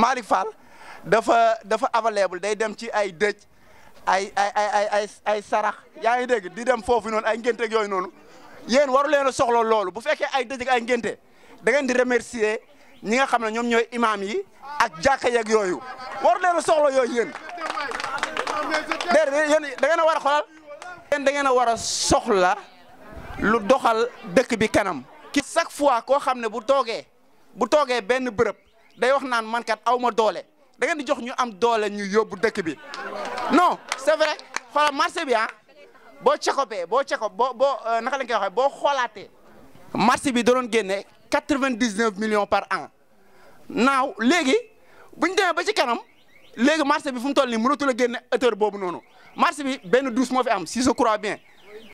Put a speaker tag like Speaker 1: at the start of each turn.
Speaker 1: Malick Fall dafa dafa available day dem ci ay dëj ay ay ay ay ay sarax yaa ngi dégg di dem foofu noonu ay ngénte ak yooyu noonu yéen waru leen a soxla loolu bu fekkee ay dëj ay ngénte da ngeen di remercier ñi nga xam ne ñoom ñooy imaam yi ak jàkka yeeg yooyu waru leen a soxla yooyu yéen déedéet yéen da ngeen a war a da ngeen a war a soxla lu doxal dëkk bi kanam. ki chaque fois koo xam ne bu toogee bu toogee benn bërëb. day wax naan man kat aw ma doole da ngeen di jox ñu am doole ñu yóbbu dëkk bi non c'est vrai xoolal marché bi ah boo cekopee boo cekob boo boo euh, naka lañ koy waxee boo xoolaatee marché bi da doon génne quatre-vingt-dix-neuf par an naaw léegi buñ demee ba ci kanam léegi marché bi fu mu toll nii mënatul a génne hauteur boobu noonu marché bi
Speaker 2: benn douche moo fi am si je bien.